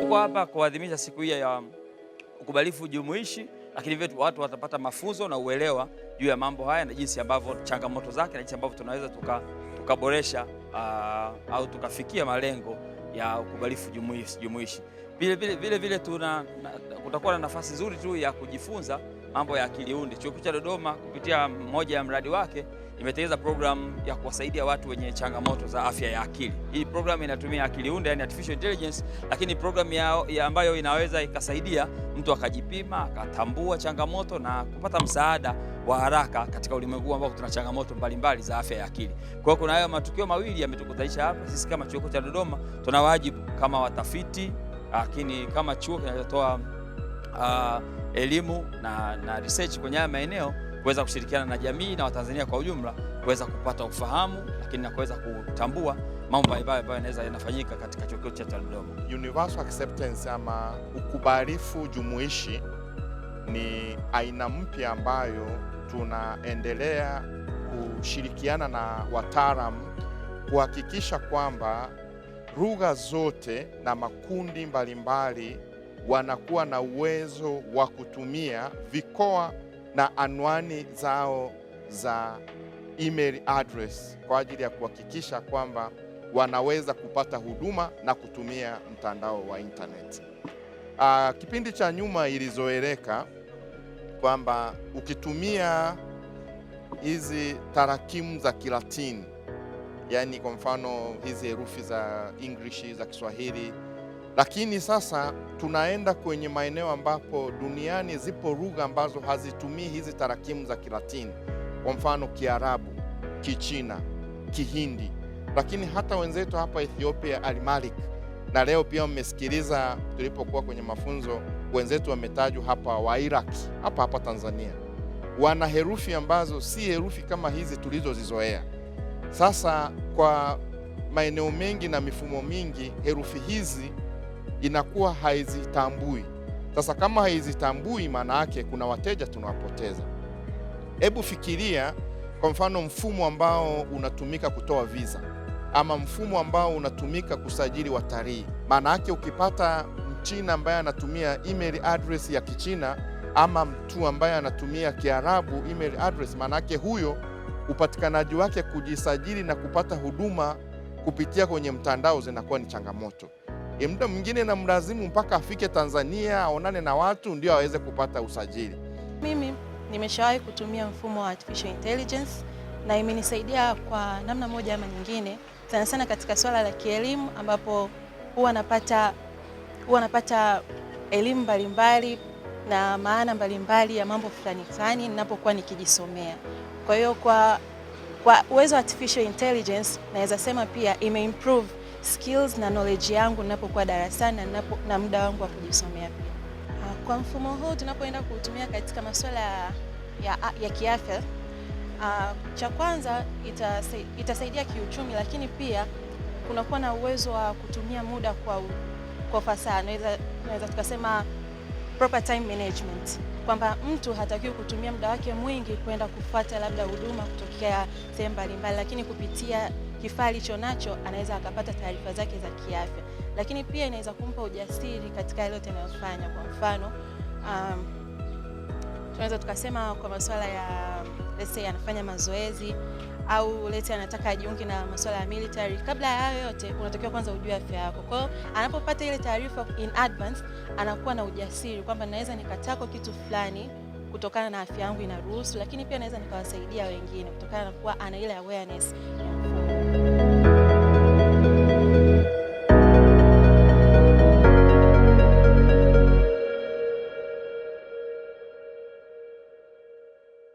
Tuko hapa kuadhimisha siku hii ya ukubalifu jumuishi, lakini vile watu watapata mafunzo na uelewa juu ya mambo haya na jinsi ambavyo changamoto zake na jinsi ambavyo tunaweza tukaboresha tuka uh, au tukafikia malengo ya ukubalifu jumuishi. Vile vile tuna kutakuwa na nafasi nzuri tu ya kujifunza mambo ya akiliundi. Chuo Kikuu cha Dodoma kupitia moja ya mradi wake imetengeneza programu ya kuwasaidia watu wenye changamoto za afya ya akili. Hii programu inatumia akili unde, yani artificial intelligence, lakini programu ya, ya ambayo inaweza ikasaidia mtu akajipima akatambua changamoto na kupata msaada wa haraka katika ulimwengu ambao tuna changamoto mbalimbali za afya ya akili. Kwa hiyo kuna hayo matukio mawili yametukutanisha hapa. Sisi kama chuo cha Dodoma tuna wajibu kama watafiti, lakini kama chuo kinachotoa uh, elimu na, na research kwenye haya maeneo kuweza kushirikiana na jamii na Watanzania kwa ujumla kuweza kupata ufahamu, lakini na kuweza kutambua mambo mbalimbali ambayo yanaweza yanafanyika katika chuo kikuu cha Tarime. Universal acceptance ama ukubalifu jumuishi ni aina mpya ambayo tunaendelea kushirikiana na wataalamu kuhakikisha kwamba lugha zote na makundi mbalimbali mbali wanakuwa na uwezo wa kutumia vikoa na anwani zao za email address kwa ajili ya kuhakikisha kwamba wanaweza kupata huduma na kutumia mtandao wa intaneti. Aa, ah, kipindi cha nyuma ilizoeleka kwamba ukitumia hizi tarakimu za Kilatini, yani kwa mfano hizi herufi za English za Kiswahili lakini sasa tunaenda kwenye maeneo ambapo duniani zipo lugha ambazo hazitumii hizi tarakimu za Kilatini, kwa mfano Kiarabu, Kichina, Kihindi, lakini hata wenzetu hapa Ethiopia Almalik, na leo pia mmesikiliza tulipokuwa kwenye mafunzo, wenzetu wametajwa hapa wa Iraq, hapa hapa Tanzania, wana herufi ambazo si herufi kama hizi tulizozizoea. Sasa kwa maeneo mengi na mifumo mingi herufi hizi inakuwa haizitambui. Sasa kama haizitambui, maana yake kuna wateja tunawapoteza. Hebu fikiria kwa mfano mfumo ambao unatumika kutoa visa ama mfumo ambao unatumika kusajili watalii. Maana yake ukipata mchina ambaye anatumia email address ya Kichina ama mtu ambaye anatumia Kiarabu email address, maana yake huyo upatikanaji wake kujisajili na kupata huduma kupitia kwenye mtandao zinakuwa ni changamoto e, muda mwingine na mlazimu mpaka afike Tanzania aonane na watu ndio aweze kupata usajili. Mimi nimeshawahi kutumia mfumo wa artificial intelligence na imenisaidia kwa namna moja ama nyingine, sana sana katika swala la kielimu, ambapo huwa napata huwa napata elimu mbalimbali na maana mbalimbali ya mambo fulani fulani ninapokuwa nikijisomea. Kwa hiyo kwa kwa uwezo wa artificial intelligence naweza sema pia imeimprove skills na knowledge yangu ninapokuwa darasani na, na muda wangu wa kujisomea pia. Ah, kwa mfumo huu tunapoenda kuutumia katika masuala ya, ya kiafya uh, cha kwanza itasaidia, itasaidia kiuchumi, lakini pia kunakuwa na uwezo wa kutumia muda kwa, kwa fasaha, naweza tukasema proper time management, kwamba mtu hatakiwi kutumia muda wake mwingi kwenda kufuata labda huduma kutokea sehemu mbalimbali, lakini kupitia kifaa alicho nacho anaweza akapata taarifa zake za kiafya, lakini pia inaweza kumpa ujasiri katika yale yote anayofanya. Kwa mfano um, tunaweza tukasema kwa masuala ya let's say anafanya mazoezi au lete anataka ajiunge na masuala ya military, kabla ya hayo yote unatakiwa kwanza ujue afya yako. Kwa hiyo anapopata ile taarifa in advance, anakuwa na ujasiri kwamba naweza nikatako kitu fulani kutokana na afya yangu inaruhusu, lakini pia naweza nikawasaidia wengine kutokana na kuwa ana ile awareness.